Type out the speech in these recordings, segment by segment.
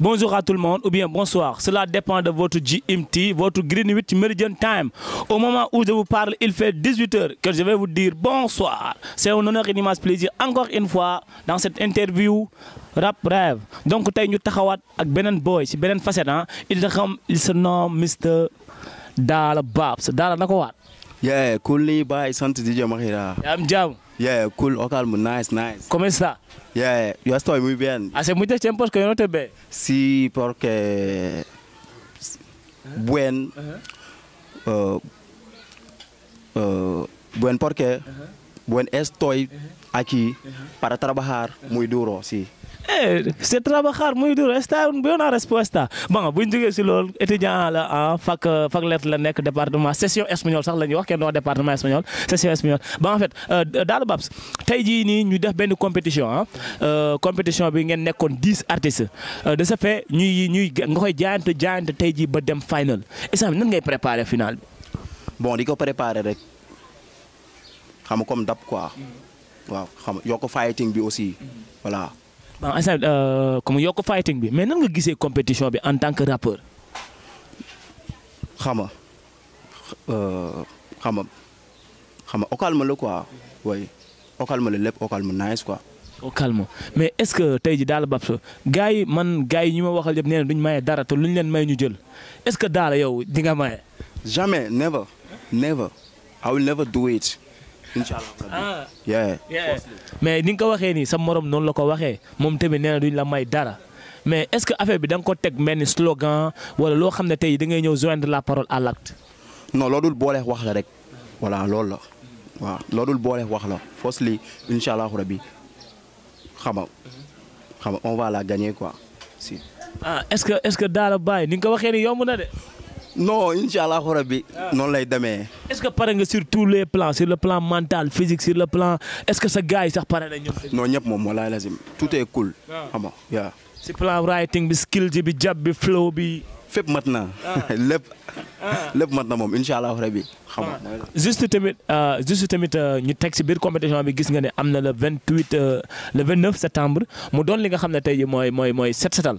Bonjour à tout le monde ou bien bonsoir. Cela dépend de votre GMT, votre Greenwich Meridian Time. Au moment où je vous parle, il fait 18h que je vais vous dire bonsoir. C'est un honneur et un immense plaisir encore une fois dans cette interview Rap Rêve. Donc nous ñu avec ak boy si Benen facette hein. il se nomme Mr Dala Babs Dal na Yeah, Yeah, cool, nice, nice. ¿Cómo está? Yeah, yo estoy muy bien. Hace mucho tiempo que yo no te veo. Sí, porque... Buen... bueno uh, uh, buen porque... bueno estoy aquí para trabajar muy duro, sí. c'est trabajar muy dur está buena respuesta bon bu ñu jógee si loolu étudiant la ah lettre la nekk département session espagnol sax la ñuy wax kenn wax département espagnol ba en fait euh, daal Babs tey jii nii ñu def benn compétition ah euh, compétition bi ngeen nekkoon dix artistes euh, de ce fait ñuy ñuy nga koy jaayante jaayante tey jii ba dem final isam nan ngay préparer final bi. bon di ko préparer rek xam comme dab quoi mm-hmm. waaw xam yokk fighting bi aussi mm-hmm. voilà. Ah, instant euh, comme yokk fighting bi mais nan nga gisee compétition bi en tant que rappeur. xama euh, xama xama au calme la quoi oui au calme la lépp au calme nice quoi. au calme mais est-ce que tey ji daal Babs man gars yi ma waxal yëpp nee duñ maye dara te luñ leen may ñu jël est-ce que yow di nga maye. jamais never never I will never do it. incha allah ah. mais ni nga ko waxee nii sa moroom noonu la ko waxee moom tamit nee na duñ la may dara mais est-ce que affaire bi danga ko teg mel ni slogan wala loo xam ne tey da ngay ñëw joindre la parole à l'acte. non loolu dul boole wax la rek. voilà loolu la. waaw loolu boole wax la foos lii incha allahu rabi xam on va la gagner quoi si. ah est-ce que est waxee nii yomb na de. non incha Rabbi, ah. non lay démé. est ce que paré sur tous les plans sur le plan mental physique sur le plan est ce que ce gars yi sax paré na ñoom. non ñëpp moom walaay lazim tout est cool. xam nga waaw. si plan writing bi skill ji bi jab bi flow bi. fep matna. na ah. lépp ah. matna mom na Rabbi. xam nga juste tamit euh, juste tamit euh, ñu teg si biir compétition bi gis nga ne amna le 28 euh, le 29 septembre mu don li nga xamné ne moy moy moy mooy set setal.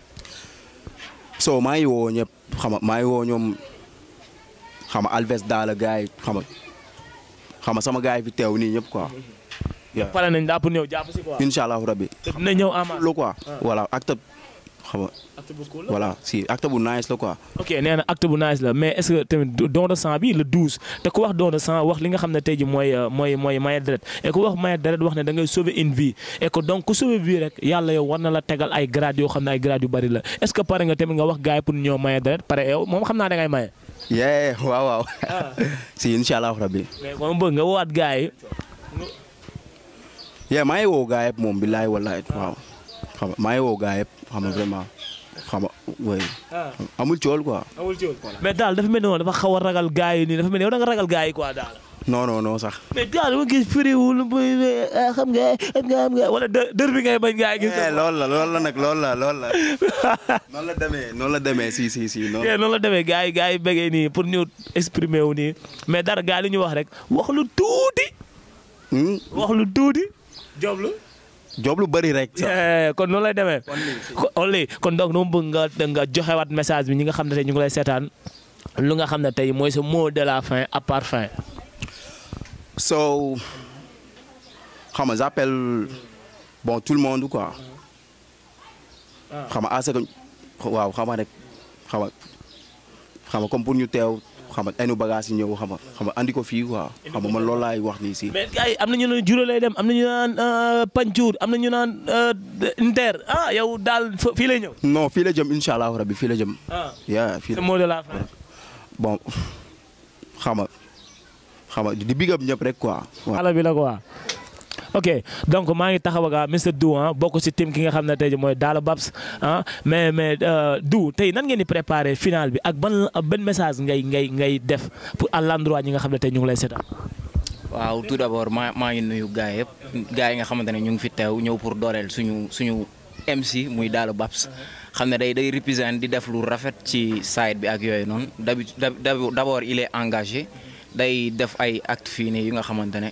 so maa ngi woo ñëpp xam nga maa ngi woo ñoom xam nga Alves Daala gars yi xam nga xam nga sama gars fi teew nii ñëpp quoi. pare nañ daa pour ñëw jàpp si quoi. ñëw amaat lu quoi. Ah. voilà ak xam nga voilà si acte bu nice la quoi. ok nee na acte bu nice la mais est-ce que tamit don de bi le 12 te ku wax don de sang wax li nga xam ne tey ji euh, mooy mooy mooy maye deret et ku wax maye deret wax ne dangay ngay une vie et que donc ku sauver vie rek yàlla yow war na la tegal ay grade yoo xam ne ay grade yu bari la est-ce que pare nga tamit nga wax gars yi pour ñëw maye deret pare moom xam naa da ngay maye. yee waaw waaw ah. si incha allah rabbi. moom bëgg nga waaw. xam nga maa ngi woo gars yëpp xam nga vraiment xam nga amul cool quoi. amul mais daal dafa mel ni dafa xaw a ragal gars yi nii dafa mel ni yow ragal gars yi quoi daal. non non sax. mais daal ma gis ah, xam nga xam nga wala dër bi ngay bañ ngaa gis. Eh, loolu la loolu la nag loolu la loolu la. noonu la demee noonu la demee si si si. noonu eh, la demee gars yi gars yi bëggee nii pour ñu exprimer wu nii mais dara gars li ñu wax rek wax lu tuuti. Hmm? wax lu tuuti. joblu. job lu bari rek. Eh, kon noonu lay demee. only kon donc nu mu bëgg nga nga joxewaat message bi ñi nga xam ne tey ñu ngi lay seetaan lu nga xam ne tey mooy sa mot de la fin à part fin. so xam nga j'appelle bon tout le monde quoi. Ah. xam nga à waaw xam nga rek xam nga xam nga ñu teew. xam nga enu bagage yi ñëw xam nga xam andi ko fii quoi xam nga man loolu laay wax nii si. mais gars yi am na ñu naan Jura lay dem am na ñu naan euh, Pantour am na ñu naan euh, Inter ah yow daal fii lay ñëw. non fii la jëm incha allahu rabi fii la jëm. ah fii la mot de la fin. bon xam nga xam nga di big up ñëpp rek quoi. xala bi la quoi. ok donc maa ngi taxaw ak ah, Mr Dou ah bokk si team ki nga xam ne tey jii mooy Dalla Babs ah mais mais euh, Dou tey nan ngeen di préparer final bi ak ban ban message ngay ngay ngay def pour à l'endroit ñi nga xam ne tey ñu ngi lay seetaan. waaw tout d'abord maa maa ngi nuyu gars yëpp gars yi nga xamante ne ñu ngi fi teew ñëw pour dooleel suñu suñu MC muy Dalla Babs xam ne day day représente di def lu rafet ci side bi ak yooyu noonu d'abord il est engagé day def ay actes fii nii yu nga xamante ne.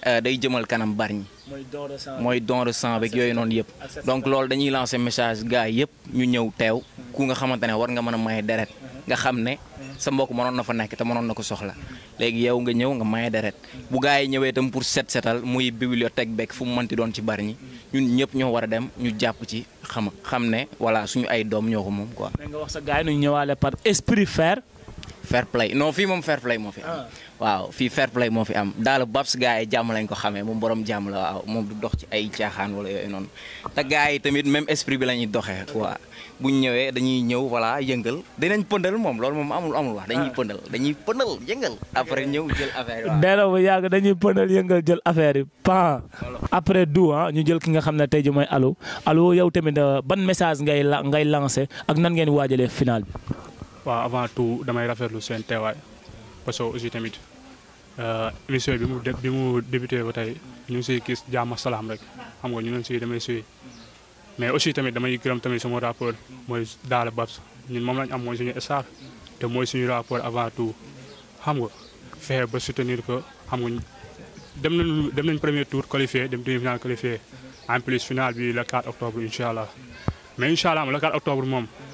Euh, day jëmal kanam Bargny mooy don de sang beeg yooyu noonu yëpp donc loolu dañuy lancer message gars yëpp ñu ñëw teew mm-hmm. ku nga xamante ne war nga mën a maye deret mm-hmm. nga xam ne mm-hmm. sa mbokk mënoon na fa nekk te mënoon na ko soxla léegi yow nga ñëw nga maye deret bu gars yi ñëwee tam pour set setal muy teg beeg fu mu mënti doon ci Bargny ñun ñëpp ñoo war a dem ñu jàpp ci xam xam ne voilà suñu ay doom ñoo ko moom quoi. ñëwaale par esprit faire fair play non fii moom fair play moo fi am. Ah. waaw fii fair play moo fi am daal Babs gars yi jàmm lañ ko xamee moom borom jàmm la waaw moom du dox ci ay caaxaan wala yooyu noonu yi tamit même esprit bi la ñuy doxee quoi bu ñu ñëwee dañuy ñëw voilà yëngal dinañ pëndal moom loolu moom amul amul wax dañuy ah. pëndal dañuy pëndal yëngal après ñëw jël affaire yi. delloo bu yàgg dañuy pëndal jël affaire yi pan après du ah ñu jël ki nga xam ne tey ji mooy allo alo yow tamit ah, ban message ngay la ngay lancé ak nan ngeen waajalee final bi. pas avant tout damay rafetlu seen teewaay parce que aussi tamit émission bi mu bi mu débuté ba tey ñu ngi siy gis jaam salaam rek xam nga ñu ngi siy damay suy mais aussi tamit damay gërëm tamit sama rapport mooy Daara Babs ñun moom lañ am mooy suñu staff te mooy suñu rapport avant tout xam nga fexe ba soutenir ko xam nga dem nañ dem nañ premier tour qualifié dem demi-finale qualifié en plus final bi le 4 octobre inshallah mais inshallah le 4 octobre moom.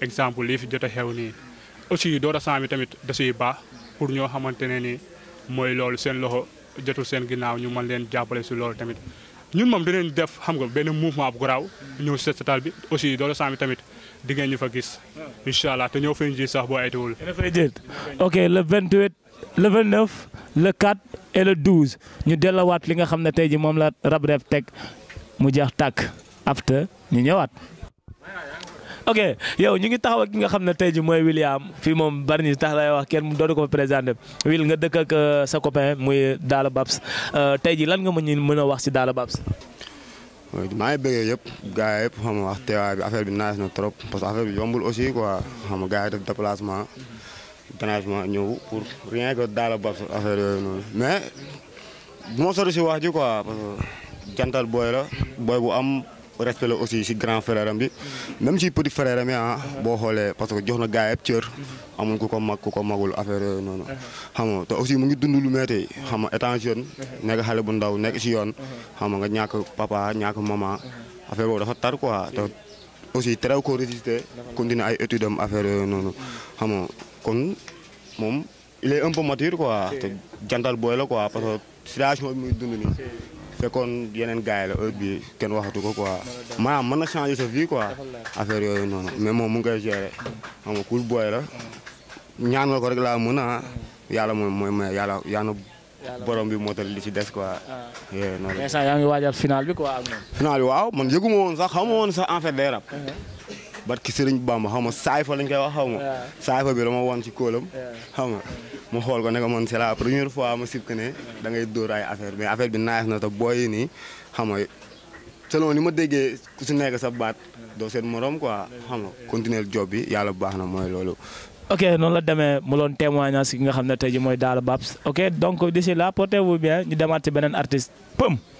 exemple lii fi jot a xew nii aussi door a sang bi tamit da siy baax pour ñoo xamante ne ni mooy loolu seen loxo jotul seen ginnaaw ñu man leen jàppale si loolu tamit ñun moom dinañ def xam nga benn mouvement bu garaaw ñëw sa setal bi aussi doole sang bi tamit di ngeen ñu fa gis incha allah te ñëw feeñ ji sax boo aytuwul. ok le 28 le 29 le 4 e le 12 ñu delluwaat li nga xam ne tey ji moom la rab reef teg mu jeex tàkk after ñu ñëwaat. ok yow ñu ngi taxaw ak ki nga xam ne tey ji mooy William fii moom bari ñu tax lay wax kenn dootu ko fa présenté Will nga dëkk euh, sa copain muy Daala Babs euh, tey ji lan nga mën mën a wax si Daala Babs. maa ngi bëggee yëpp gars yi yëpp xam wax teewaay bi affaire bi naaj na trop parce que affaire bi yombul aussi quoi xam nga gars yi def déplacement déplacement pour rien que Daala Babs affaire yooyu noonu mais bu ma sori si wax ji quoi parce booy la booy bu am. respect la aussi si grand frère bi même si petit frère am yi ah, boo xoolee parce que jox na gars yëpp cër amul ku ko mag ku magul affaire yooyu noonu xam nga te aussi mu ngi dund lu metti xam nga étant jeune nekk xale bu ndaw nekk si yoon xam nga ñàkk papa ñàkk maman affaire boobu dafa tar quoi te aussi terew ko résister continuer ay études am affaire yooyu noonu xam nga kon moom il est un peu te jantal booy la quoi parce que situation bi muy dund nii fekkoon yeneen gars yi la heure bi kenn waxatu ko quoi maanaam mën na changer sa vie quoi affaire yooyu noonu mais moom mu ngi koy gérer xam nga la ñaan nga ko rek laa mën a yàlla mooy mooy may yàlla yàlla borom bi motal li ci des quoi. Ah. yooyu noonu sax yaa ngi waajal final bi quoi ak bi waaw man yëgu ma woon sax xaw ma woon sax en fait day rab. Uh-huh. barki Sëriñ Bamba xaw ma saay fa lañ koy wax xaw ma. saay fa bi ma woon si kóolam xaw ma. mu xool ko ne ko man c'est la première fois ma sib que ne da ngay dóor ay affaire mais affaire bi naaj na te booy yi nii xam nga selon ni ma déggee ku si nekk sa baat doo seen morom quoi xam nga continuer job bi yàlla bu baax na mooy loolu. ok noonu la demee mu loon témoignage ki nga xam ne tey ji mooy daal Babs ok donc d'ici là portez-vous bien ñu demaat ci beneen artiste pëm.